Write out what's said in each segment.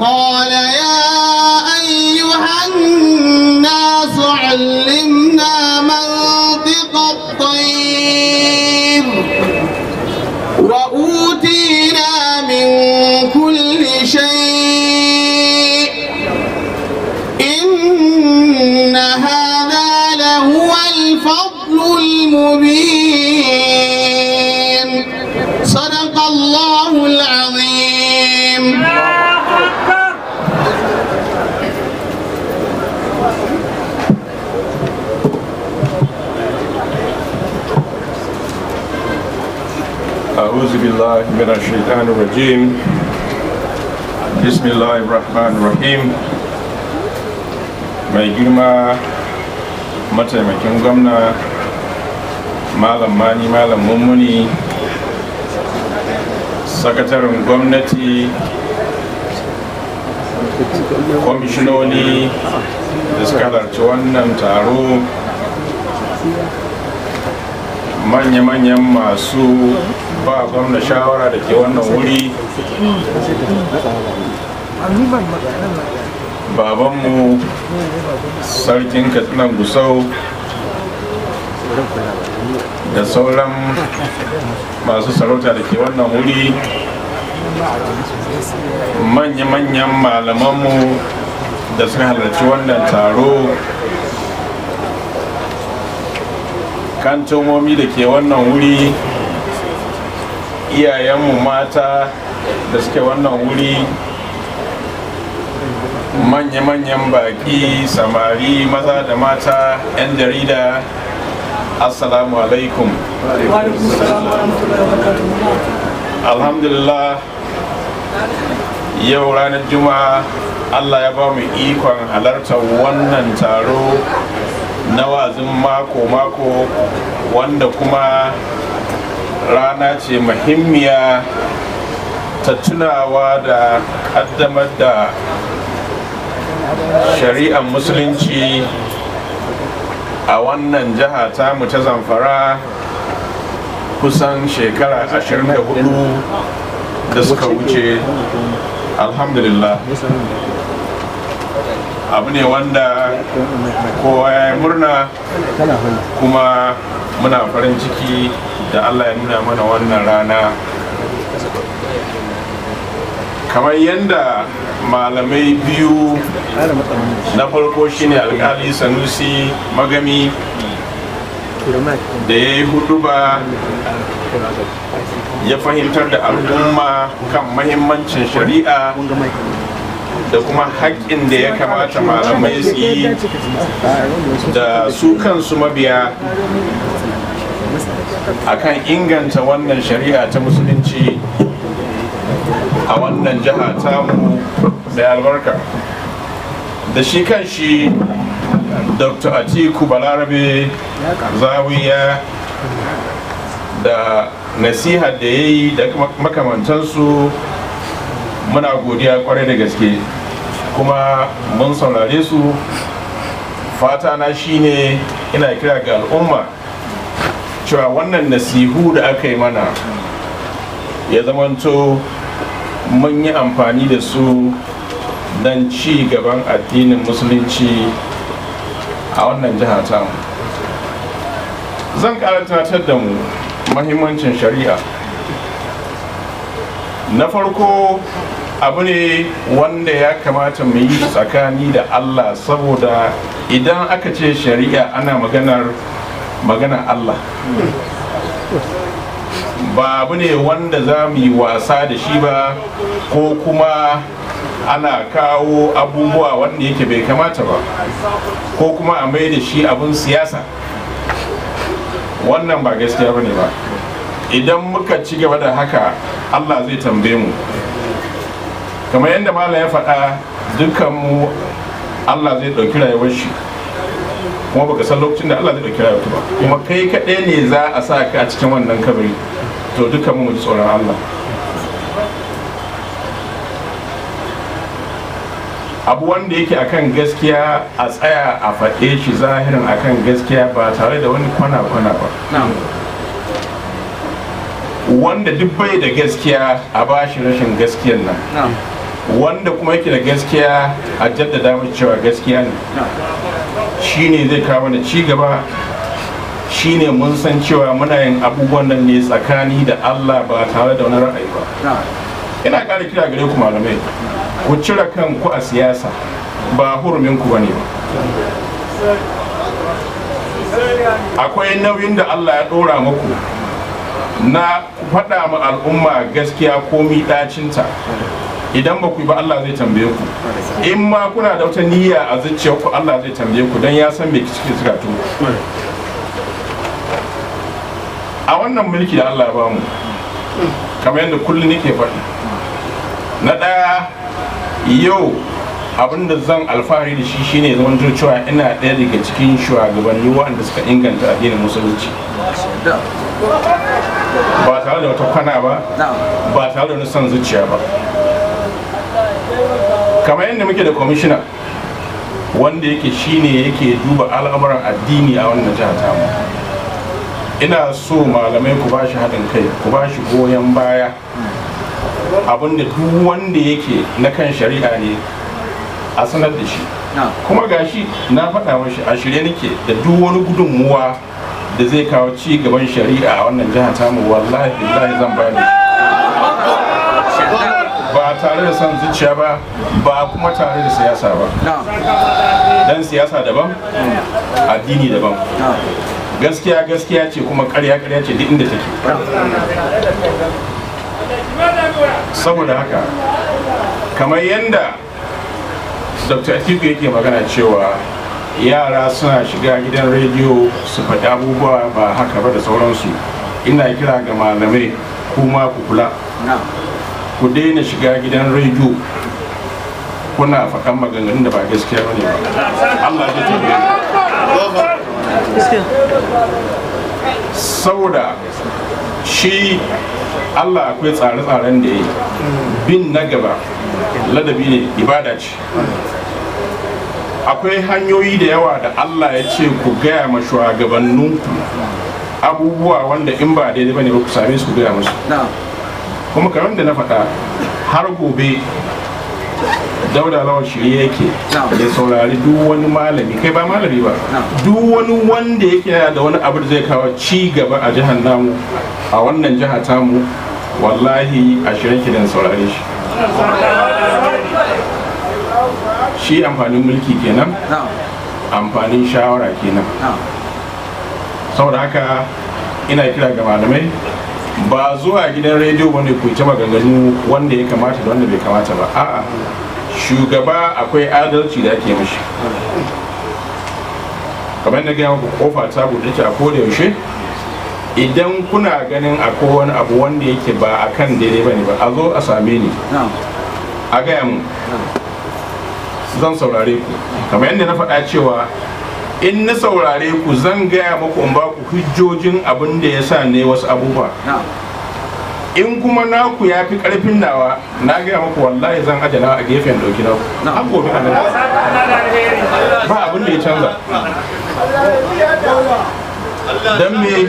قال يا أيها الناس علمنا منطق الطير وأوتينا من كل شيء إن هذا لهو الفضل المبين صدق الله العظيم بالله من الشيطان الرجيم بسم الله الرحمن mai girma mataimakin gwamna malam mani malam mummuni sakataren gwamnati kwamishinoni da suka halarci wannan taro manya-manyan masu ba gwamna shawara da ke wannan wuri babanmu sarkin katsinan gusau da sauran masu sarauta da ke wannan wuri manya-manyan malamanmu da sun halarci wannan taro kantomomi da ke wannan wuri iyayenmu mata da suke wannan wuri manya-manyan baki samari maza da mata 'yan jarida assalamu alaikum alhamdulillah yau ranar juma'a allah ya ba mu ikon halartar wannan taro na wazin mako-mako wanda kuma rana ce mahimmiya ta tunawa da ƙaddamar da shari'ar musulunci a wannan jiha tamu ta zamfara kusan shekara 24 da suka wuce alhamdulillah abu ne wanda kowa ya yi murna kuma muna farin ciki da allah ya nuna mana wannan rana kamar yadda malamai biyu na farko shine alƙali, sanusi magami da ya yi ba ya fahimtar da al'umma kan mahimmancin shari'a da kuma haƙƙin da ya kamata malamai su yi da su kansu mabiya akan inganta wannan shari'a ta musulunci a wannan jiha tamu da albarka da shi kan shi dr atiku balarabe zawiya da nasiha da ya yi da makamantansu muna godiya kwarai da gaske kuma mun saurare su fata na shine ina kira ga al'umma cewa wannan nasihu da aka yi mana ya zamanto mun yi amfani da su don ci gaban addinin musulunci a wannan jiha ta zan ƙara da mu mahimmancin shari'a na farko abu ne wanda ya kamata mu yi tsakani da allah saboda idan aka ce shari'a ana maganar magana Allah ba abu ne wanda za mu yi wasa da shi ba ko kuma ana kawo abubuwa wanda yake bai kamata ba ko kuma a mai da shi abun siyasa wannan ba gaskiya ba ne ba idan muka ci gaba da haka allah zai tambaye mu kamar yadda malam ya faɗa dukkanmu allah zai ɗauki rayuwar shi kuma baka san lokacin da Allah zai dauki rayuwarka ba kuma kai kaɗai ne za a sa ka a cikin wannan kabari to dukkan mu ji tsoron Allah abu wanda yake akan gaskiya a tsaya a faɗe shi zahirin akan gaskiya ba tare da wani kwana-kwana ba wanda duk bai da gaskiya a bashi rashin gaskiyan nan wanda kuma yake da gaskiya a jaddada cewa gaskiya ne shine zai kawo mana ci gaba shine mun san cewa muna yin abubuwan nan ne tsakani da Allah ba tare da wani ra'ayi ba ina ƙara kira gare ku malamai ku cire kanku a siyasa ba hurumin ku bane ba akwai nauyin da Allah ya ɗora muku na faɗa ma al'umma gaskiya komi ɗacinta idan ba ku ba Allah zai tambaye ku in ma kuna da wata niyya a zuciyarku Allah zai tambaye ku don ya san me kike zukatu a wannan mulki da Allah ya bamu kamar yadda kullum nake faɗi na ɗaya yau abin da zan alfahari da shi shine zaman cewa ina ɗaya daga cikin shugabanni waɗanda suka inganta addinin musulunci ba tare da wata kwana ba ba tare da wani san zuciya ba kamar yadda muke da kwamishina wanda yake shine yake duba al'amuran addini a wannan jihar tamu ina so malamai ku bashi haɗin kai ku bashi goyon baya abinda duk wanda yake na kan shari'a ne a sanar da shi kuma gashi na faɗa mashi a shirye nake da duk wani gudunmuwa da zai kawo ci gaban shari'a a wannan jihar tamu wallahi billahi zan bayar tare da son zuciya ba ba kuma tare da siyasa ba dan siyasa daban addini daban gaskiya gaskiya ce kuma karya karya ce duk inda take saboda haka kamar yadda dr atiku yake magana cewa yara suna shiga gidan rediyo su faɗi abubuwa ba haka ba da sauransu ina kira ga malamai kuma ku kula ku daina shiga gidan rediyo kuna faɗan maganganun da ba gaskiya bane ba Allah ya tabbata saboda shi Allah akwai tsare-tsaren da ya bin na gaba ladabi ne ibada ce akwai hanyoyi da yawa da Allah ya ce ku gaya ma shugabanninku abubuwa wanda in ba daidai bane ba ku same su gaya musu kuma kamar da na faɗa har gobe dauda lawan shirye yake ya saurari duk wani malami kai ba malami ba duk wani wanda yake da wani abu da zai kawo ci gaba a jihar namu a wannan jiha tamu wallahi a shirin kidan saurare shi shi amfanin mulki kenan amfanin shawara kenan saboda haka ina kira ga malamai ba zuwa gidan rediyo wanda ku ta maganganu wanda ya kamata da wanda bai kamata ba a'a shugaba akwai adalci da ake mishi kamar na gaya maku kofa ta buɗe ta a da yaushe idan kuna ganin akwai wani abu wanda yake ba a kan daidai ba ba a zo a same ni a gaya mu zan saurare ku kamar yadda na faɗa cewa in na saurare ku zan gaya muku in ba ku hujjojin abin da ya sa ne wasu abubuwa in kuma naku ya fi karfin nawa na gaya muku wallahi zan ajana a gefen dauki na an ba abin da ya canza don me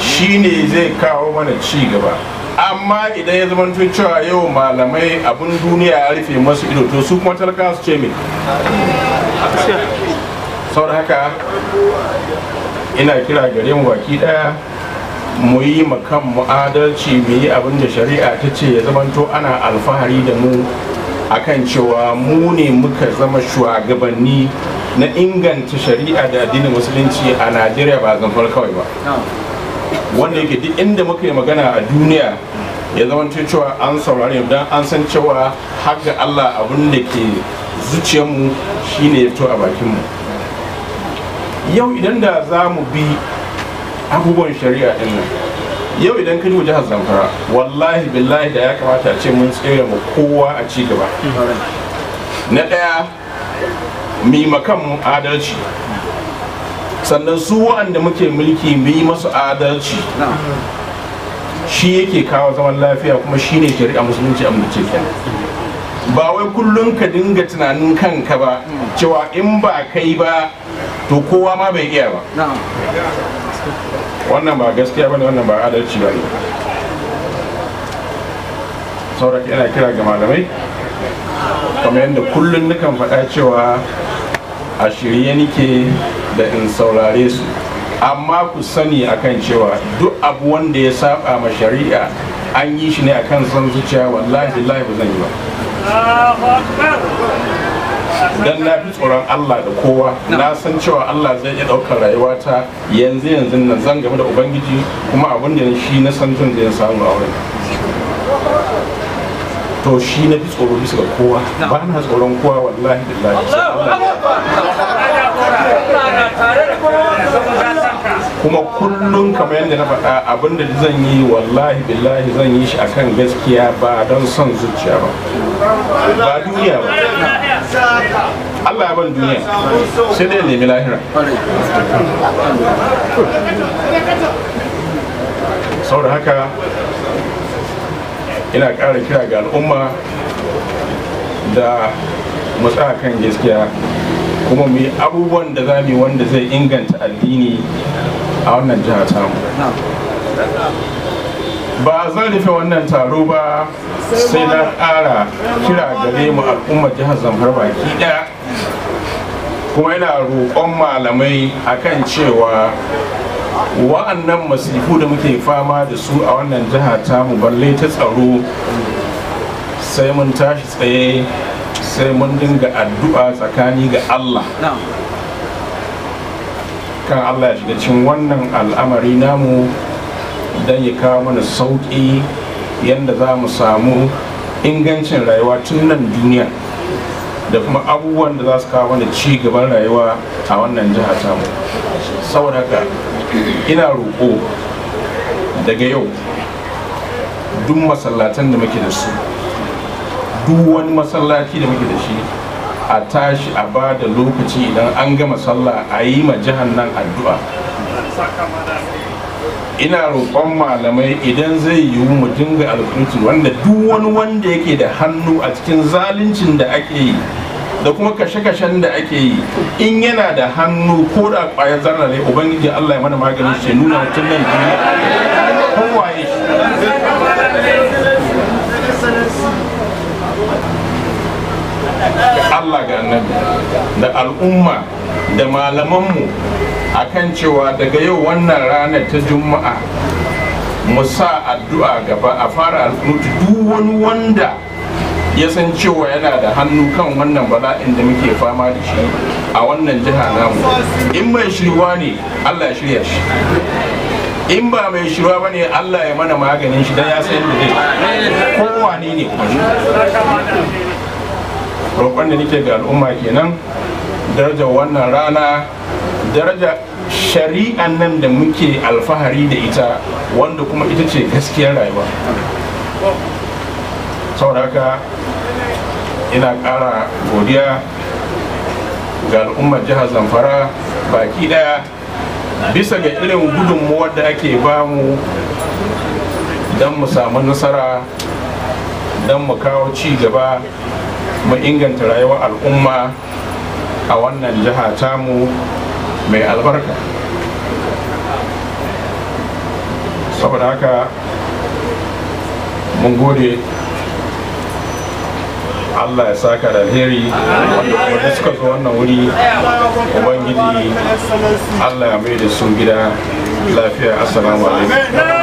shi ne zai kawo mana ci gaba amma idan ya zama cewa yau malamai abin duniya ya rufe masu ido to su kuma talaka su ce min. saboda haka ina kira gare mu baki daya mu yi makan mu'adalci mu yi abin da shari'a ta ce ya zamanto ana alfahari da mu a kan cewa mu ne muka zama shugabanni na inganta shari'a da addinin musulunci a najeriya ba zamfar kawai ba wanda yake duk inda muka yi magana a duniya ya zama cewa an saurari don an san cewa har ga allah abin da ke zuciyarmu shine ya fito a bakinmu yau idan da za mu bi abubuwan shari'a din nan yau idan ka duba jihar zamfara wallahi billahi da ya kamata a ce mun tsere mu kowa a ci gaba na ɗaya mimakan adalci sannan su wa'anda muke mulki mu masu adalci shi yake kawo zaman lafiya kuma shi ne shari'a musulunci a mulki ba wai kullum ka dinga tunanin kanka ba cewa in ba kai ba to kowa ma bai iya ba wannan ba gaskiya bane wannan ba adalci ba ne saboda yana kira ga malamai kamar yadda kullum nukan faɗa cewa a shirye nike da in saurare su amma ku sani akan cewa duk abu wanda ya saba ma shari'a an yi shi ne akan son zuciya wallahi billahi ba zan yi ba dan na fi tsoron Allah da kowa na san cewa Allah zai iya ɗaukar rayuwata yanzu yanzu nan zan game da ubangiji kuma abin da shi na san zan zai samu a wurin to shi na fi tsoro bisa ga kowa ba na tsoron kowa wallahi billahi Allah kuma kullum kamar yadda na faɗa abinda zan yi wallahi billahi zan yi shi akan gaskiya ba don son zuciya ba ba duniya ba Allah ya ban duniya sai dai nemi lahira Saboda haka ina ƙara kira ga al'umma da matsa kan gaskiya kuma mu yi abubuwan da za mu wanda zai inganta addini a wannan jihar ta ba zan rufe wannan taro ba sai na ƙara kira gare mu al'ummar jihar zamfara baki ɗaya kuma yana roƙon malamai akan cewa wa'annan masifu da muke fama da su a wannan jiha tamu balle ta tsaro sai mun tashi tsaye sai mun dinga addu'a tsakani ga allah dukkan allah ya shiga cikin wannan al'amari namu don ya kawo mana sauƙi yadda za mu samu ingancin rayuwa tun nan duniya da kuma abubuwan da za su kawo mana ci gaban rayuwa a wannan jiha tamu saboda haka ina roƙo daga yau duk masallatan da muke da su duk wani masallaci da muke da shi a tashi a ba da lokaci idan an gama sallah a yi ma jihar nan addu'a ina roƙon malamai idan zai yiwu mu dinga alkutu wanda duk wani wanda yake da hannu a cikin zaluncin da ake yi da kuma kashe-kashen da ake yi in yana da hannu ko da ƙwayar zarra ubangiji allah ya mana maganin shi nuna mutum nan duniya kowa shi da Allah ga annabi da al'umma da malamanmu kan cewa daga yau wannan ranar ta juma'a mu sa addu'a gaba a fara alkunutu duk wani wanda ya san cewa yana da hannu kan wannan bala'in da muke fama da shi a wannan jiha namu in mai shirwa ne Allah ya shirya shi in ba mai shirwa ba ne Allah ya mana maganin shi don ya san da zai kowane ne kuma roƙon da nake ga al'umma kenan daraja wannan rana daraja shari'an nan da muke alfahari da ita wanda kuma ita ce gaskiyar rayuwa sauraka ina ƙara godiya ga al'ummar jihar zamfara baki daya bisa ga irin gudunmuwar da ake bamu don mu samu nasara don mu kawo ci gaba mu inganta rayuwar al'umma a wannan jiha mu mai albarka saboda haka mun gode Allah ya saka da alheri wanda suka zo wannan wuri ubangiji Allah ya mai da su gida lafiya assalamu alaikum